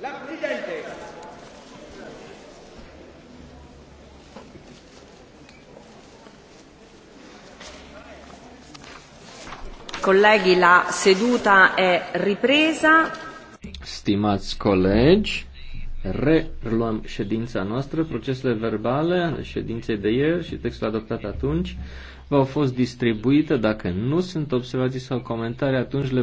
La Presidente. Colleghi, la seduta è ripresa. Stimați colegi, reluăm ședința noastră. Procesele verbale ale ședinței de ieri și textul adoptat atunci v-au fost distribuite. Dacă nu sunt observații sau comentarii, atunci le